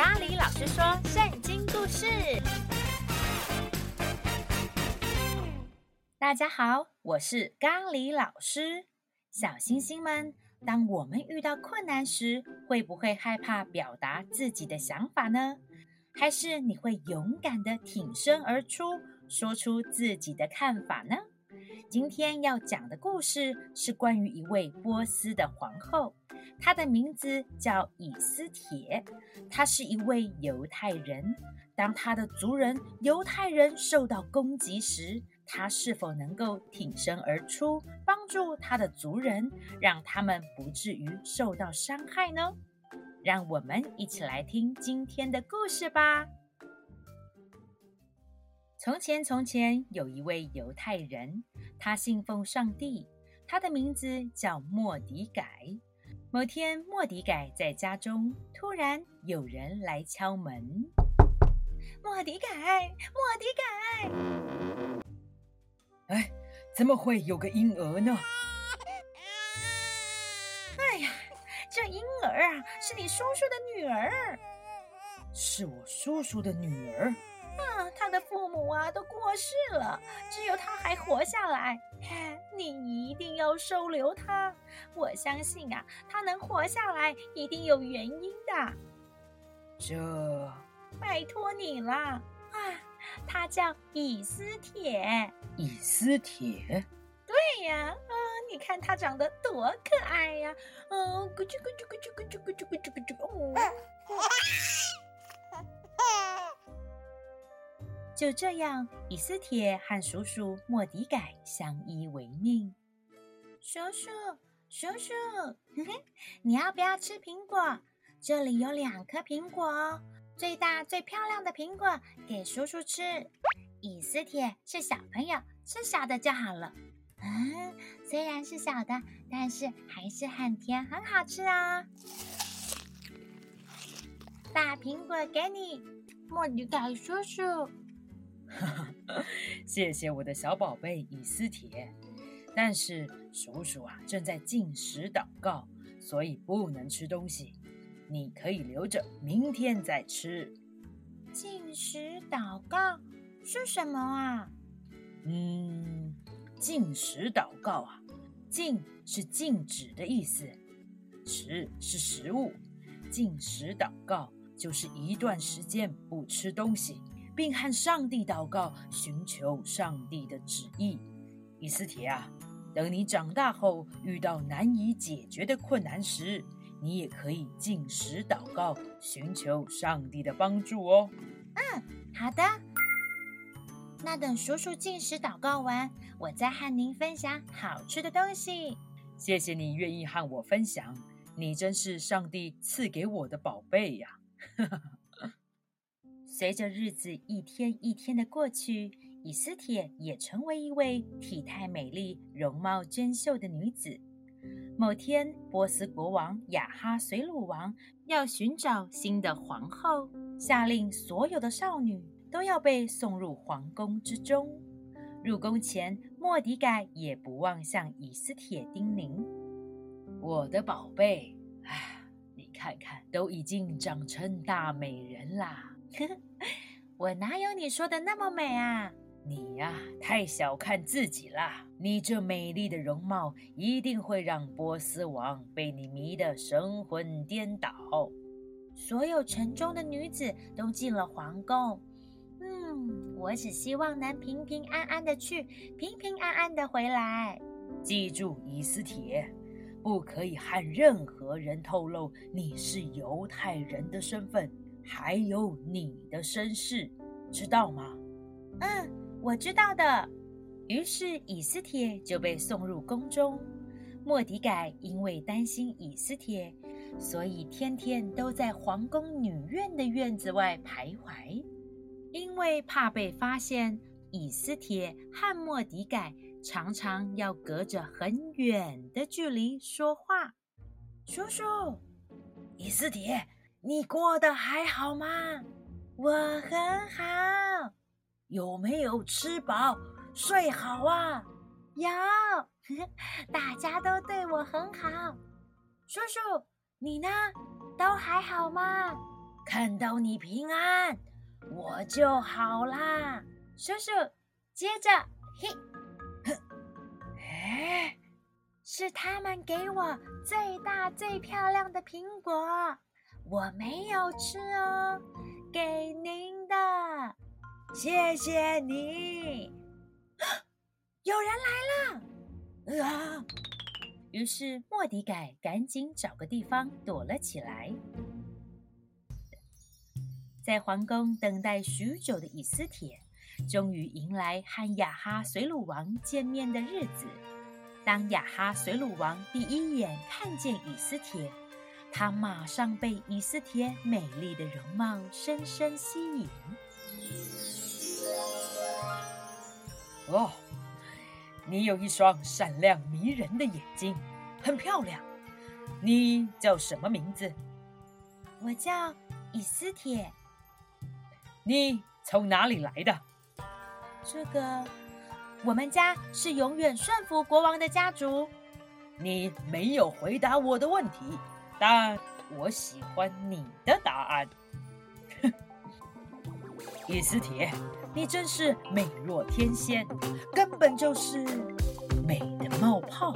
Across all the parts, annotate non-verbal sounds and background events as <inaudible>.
咖喱老師說聖經故事。大家好，我是咖喱老師。小星星們，當我們遇到困難時，會不會害怕表達自己的想法呢？還是你會勇敢的挺身而出，說出自己的看法呢？今天要講的故事是關於一位波斯的皇後，她的名字叫以斯帖，她是一位猶太人。當她的族人猶太人受到攻擊時，她是否能夠挺身而出，幫助她的族人，讓他們不至於受到傷害呢？讓我們一起來聽今天的故事吧。從前，從前有一位猶太人，他信奉上帝，他的名字叫末底改。某天，末底改在家中，突然有人來敲門：“末底改，末底改，哎，怎麼會有個嬰兒呢？”“哎呀，這嬰兒啊，是你叔叔的女兒。”“是我叔叔的女兒。”他的父母啊都過世了，只有他還活下來。嘿，你一定要收留他！我相信啊，他能活下來一定有原因的。這，拜託你了啊！他叫以斯帖。以斯帖？對呀，啊、呃，你看他長得多可愛呀！嗯、呃，咕啾咕啾咕啾咕啾咕啾咕啾咕啾，哦。就這樣，以斯帖和叔叔末底改相依為命。叔叔，叔叔，呵呵，你要不要吃蘋果？這裡有兩顆蘋果哦，最大最漂亮的蘋果給叔叔吃。以斯帖是小朋友，吃小的就好了。嗯，雖然是小的，但是還是很甜，很好吃啊、哦。大蘋果給你，末底改叔叔。哈哈， <laughs> 謝謝我的小寶貝以斯帖，但是叔叔啊，正在禁食禱告，所以不能吃東西。你可以留着明天再吃。禁食禱告是什麼？啊，嗯，禁食禱告啊，禁是禁止的意思，食是食物，禁食禱告就是一段時間不吃東西。並和上帝禱告，尋求上帝的旨意。以斯帖啊，等你長大後遇到難以解決的困難時，你也可以禁食禱告，尋求上帝的幫助哦。嗯，好的。那等叔叔禁食禱告完，我再和您分享好吃的東西。謝謝你願意和我分享，你真是上帝賜給我的寶貝呀、啊！哈哈。隨着日子一天一天的過去，以斯帖也成為一位體態美麗、容貌娟秀的女子。某天，波斯國王亞哈隨魯王要尋找新的皇後，下令所有的少女都要被送入皇宮之中。入宮前，末底改也不忘向以斯帖叮嚀：“我的寶貝，唉，你看看，都已經長成大美人啦。”呵呵， <laughs> 我哪有你說的那麼美啊？你呀、啊，太小看自己了。你這美麗的容貌一定會讓波斯王被你迷得神魂顛倒。所有城中的女子都進了皇宮。嗯，我只希望能平平安安的去，平平安安的回來。記住，以斯帖，不可以和任何人透露你是猶太人的身份。還有你的身世，知道嗎？嗯，我知道的。於是，以斯帖就被送入宮中。末底改因為擔心以斯帖，所以天天都在皇宮女院的院子外徘徊，因為怕被發現，以斯帖和末底改常常要隔着很遠的距離說話。叔叔。以斯帖。你過得還好嗎？我很好，有沒有吃飽睡好啊？有，呵呵，大家都對我很好。叔叔，你呢？都還好嗎？看到你平安，我就好啦。叔叔，接着，嘿，呵，嘿，是他們給我最大最漂亮的蘋果。我沒有吃哦，給您的，謝謝你。有人來了，啊！於是末底改趕緊找個地方躲了起來。在皇宮等待許久的以斯帖，終於迎來和亞哈隨魯王見面的日子。當亞哈隨魯王第一眼看見以斯帖，他馬上被以斯帖美麗的容貌深深吸引。哦，你有一雙閃亮迷人的眼睛，很漂亮。你叫什麼名字？我叫以斯帖。你從哪裡來的？這個，我們家是永遠順服國王的家族。你沒有回答我的問題。但我喜歡你的答案，以 <laughs> 斯帖，你真是美若天仙，根本就是美的冒泡。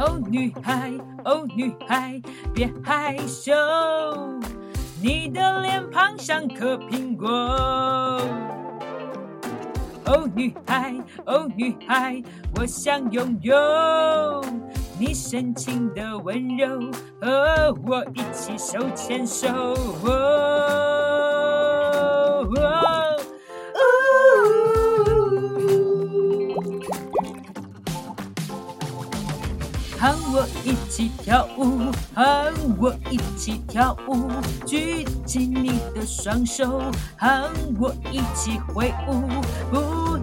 哦，oh, 女孩，哦，oh，女孩，別害羞，你的臉龐像顆蘋果。哦，女孩，哦，女孩，我想擁有你深情的溫柔，和我一起手牽手。哦，和我一起跳舞，和我一起跳舞，舉起你的雙手，和我一起揮舞，哦。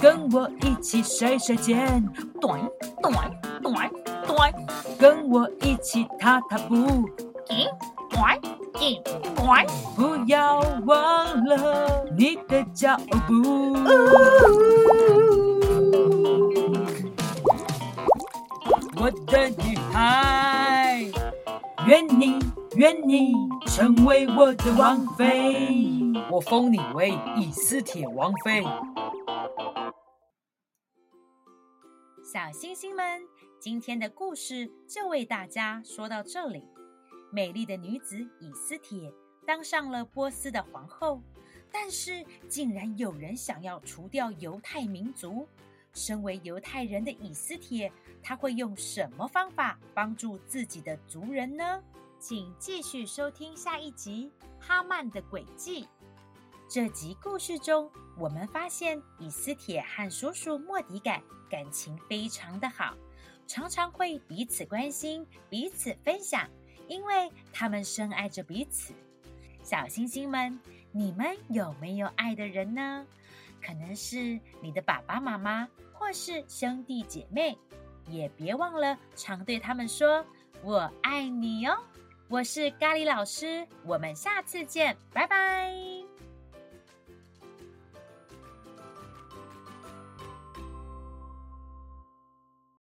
跟我一起甩甩肩，咚咚咚咚，跟我一起踏踏步，一咚一咚，不要忘了你的腳步。我的女孩，願你願你成為我的王妃，我封你為以斯帖王妃。小星星們，今天的故事就為大家說到這裡。美麗的女子以斯帖當上了波斯的皇後，但是竟然有人想要除掉猶太民族。身為猶太人的以斯帖，她會用什麼方法幫助自己的族人呢？請繼續收聽下一集《哈曼的詭計》。這集故事中，我們發現以斯帖和叔叔末底改感情非常的好，常常會彼此關心、彼此分享，因為他們深愛着彼此。小星星們，你們有沒有愛的人呢？可能是你的爸爸媽媽，或是兄弟姐妹，也別忘了常對他們說“我愛你”哦。我是咖喱老師，我們下次見，拜拜。